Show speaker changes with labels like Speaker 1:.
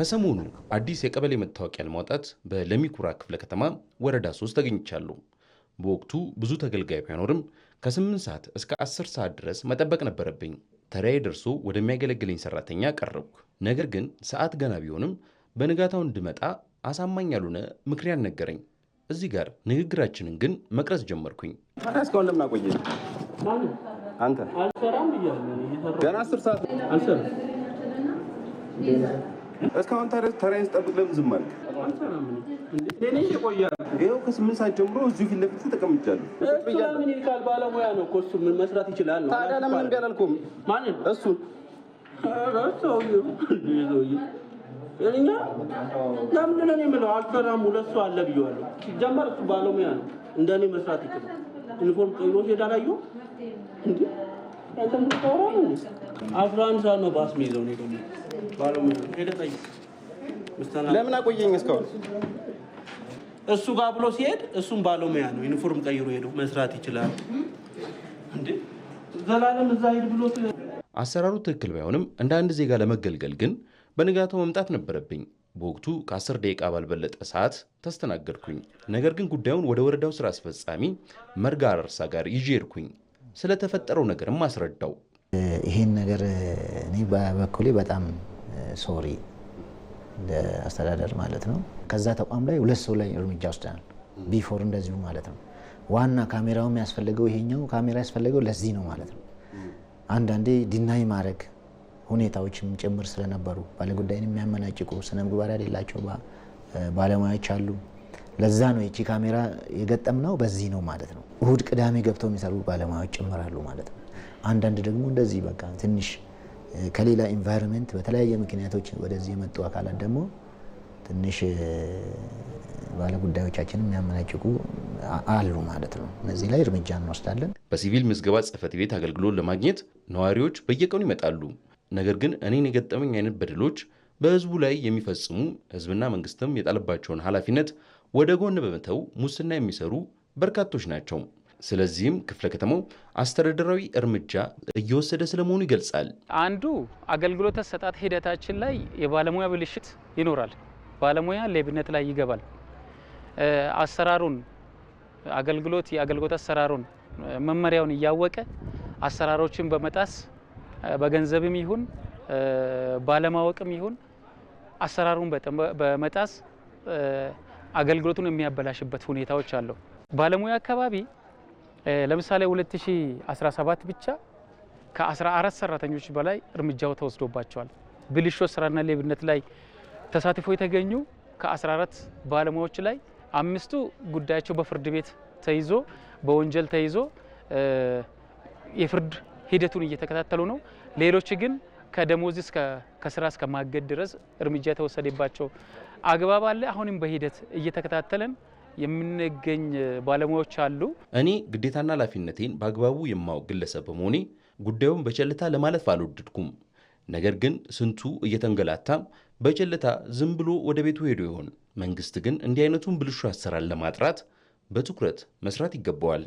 Speaker 1: ከሰሞኑ አዲስ የቀበሌ መታወቂያ ለማውጣት በለሚኩራ ክፍለ ከተማ ወረዳ 3 ተገኝቻለሁ። በወቅቱ ብዙ ተገልጋይ ባይኖርም ከ8 ሰዓት እስከ 10 ሰዓት ድረስ መጠበቅ ነበረብኝ። ተራዬ ደርሶ ወደሚያገለግለኝ ሰራተኛ ቀረብኩ። ነገር ግን ሰዓት ገና ቢሆንም በንጋታው እንድመጣ አሳማኝ ያልሆነ ምክር ያልነገረኝ። እዚህ ጋር ንግግራችንን ግን መቅረጽ ጀመርኩኝ።
Speaker 2: እስካሁን ለምን አቆየ? አንተ ገና 10 ሰዓት እስካሁን ተራዬን ስጠብቅ ለምን ዝም አልክ? ይኸው ከስምንት ሰዓት ጀምሮ እዚሁ ፊት ለፊት ተቀምጫለሁ።
Speaker 3: ምን ይልካል? ባለሙያ ነው እኮ እሱ ምን መስራት ይችላል።
Speaker 4: ታዲያ ለምን እንቢ አላልኩም? ማንን? እሱን
Speaker 3: እኛ ለምንድን ነው የምለው? አልሰራም። ሁለት ሰው አለ ብዬዋለሁ። ሲጀመር እሱ ባለሙያ ነው፣ እንደኔ መስራት ይችላል። ዩኒፎርም ቀይሮ ሄዳ ላዩ እንዲህ ባስ የሚይዘው።
Speaker 2: ለምን አቆየኝ እስካሁን?
Speaker 3: እሱ ጋር ብሎ ሲሄድ እሱም ባለሙያ ነው። ዩኒፎርም ቀይሮ ሄደው መስራት ይችላል። ዘላለም እዛ ሂድ ብሎ
Speaker 1: አሰራሩ ትክክል ባይሆንም እንደ አንድ ዜጋ ለመገልገል ግን በንጋታው መምጣት ነበረብኝ። በወቅቱ ከአስር ደቂቃ ባልበለጠ ሰዓት ተስተናገድኩኝ። ነገር ግን ጉዳዩን ወደ ወረዳው ስራ አስፈጻሚ መርጋ አረርሳ ጋር ይዤ ሄድኩኝ። ስለተፈጠረው ነገርም አስረዳው።
Speaker 5: ይሄን ነገር እኔ በበኩሌ በጣም ሶሪ ለአስተዳደር ማለት ነው። ከዛ ተቋም ላይ ሁለት ሰው ላይ እርምጃ ወስደናል። ቢፎር እንደዚሁ ማለት ነው። ዋና ካሜራው የሚያስፈልገው ይሄኛው ካሜራ ያስፈልገው ለዚህ ነው ማለት ነው። አንዳንዴ ዲናይ ማድረግ ሁኔታዎችም ጭምር ስለነበሩ ባለጉዳይን የሚያመናጭቁ ስነምግባር የሌላቸው ባለሙያዎች አሉ። ለዛ ነው ይቺ ካሜራ የገጠም ነው በዚህ ነው ማለት ነው። እሁድ ቅዳሜ ገብተው የሚሰሩ ባለሙያዎች ጭምራሉ ማለት ነው። አንዳንድ ደግሞ እንደዚህ በቃ ትንሽ ከሌላ ኢንቫይሮንመንት በተለያየ ምክንያቶች ወደዚህ የመጡ አካላት ደግሞ ትንሽ ባለጉዳዮቻችን የሚያመናጭቁ አሉ ማለት ነው። እነዚህ ላይ እርምጃ እንወስዳለን።
Speaker 1: በሲቪል ምዝገባ ጽፈት ቤት አገልግሎት ለማግኘት ነዋሪዎች በየቀኑ ይመጣሉ። ነገር ግን እኔን የገጠመኝ አይነት በደሎች በህዝቡ ላይ የሚፈጽሙ ህዝብና መንግስትም የጣለባቸውን ኃላፊነት ወደ ጎን በመተው ሙስና የሚሰሩ በርካቶች ናቸው። ስለዚህም ክፍለ ከተማው አስተዳደራዊ እርምጃ እየወሰደ ስለመሆኑ ይገልጻል።
Speaker 6: አንዱ አገልግሎት አሰጣጥ ሂደታችን ላይ የባለሙያ ብልሽት ይኖራል። ባለሙያ ሌብነት ላይ ይገባል። አሰራሩን አገልግሎት የአገልግሎት አሰራሩን መመሪያውን እያወቀ አሰራሮችን በመጣስ በገንዘብም ይሁን ባለማወቅም ይሁን አሰራሩን በመጣስ አገልግሎቱን የሚያበላሽበት ሁኔታዎች አለው። ባለሙያ አካባቢ ለምሳሌ 2017 ብቻ ከ14 ሰራተኞች በላይ እርምጃው ተወስዶባቸዋል። ብልሾ ስራና ሌብነት ላይ ተሳትፎ የተገኙ ከ14 ባለሙያዎች ላይ አምስቱ ጉዳያቸው በፍርድ ቤት ተይዞ በወንጀል ተይዞ የፍርድ ሂደቱን እየተከታተሉ ነው። ሌሎች ግን ከደሞዝ ከስራ እስከ ማገድ ድረስ እርምጃ የተወሰደባቸው አግባብ አለ። አሁንም በሂደት እየተከታተለን የምንገኝ ባለሙያዎች አሉ።
Speaker 1: እኔ ግዴታና ኃላፊነቴን በአግባቡ የማወቅ ግለሰብ በመሆኔ ጉዳዩን በቸልታ ለማለፍ አልወደድኩም። ነገር ግን ስንቱ እየተንገላታ በቸልታ ዝም ብሎ ወደ ቤቱ ሄዶ ይሆን? መንግስት ግን እንዲህ አይነቱን ብልሹ አሰራር ለማጥራት በትኩረት መስራት ይገባዋል።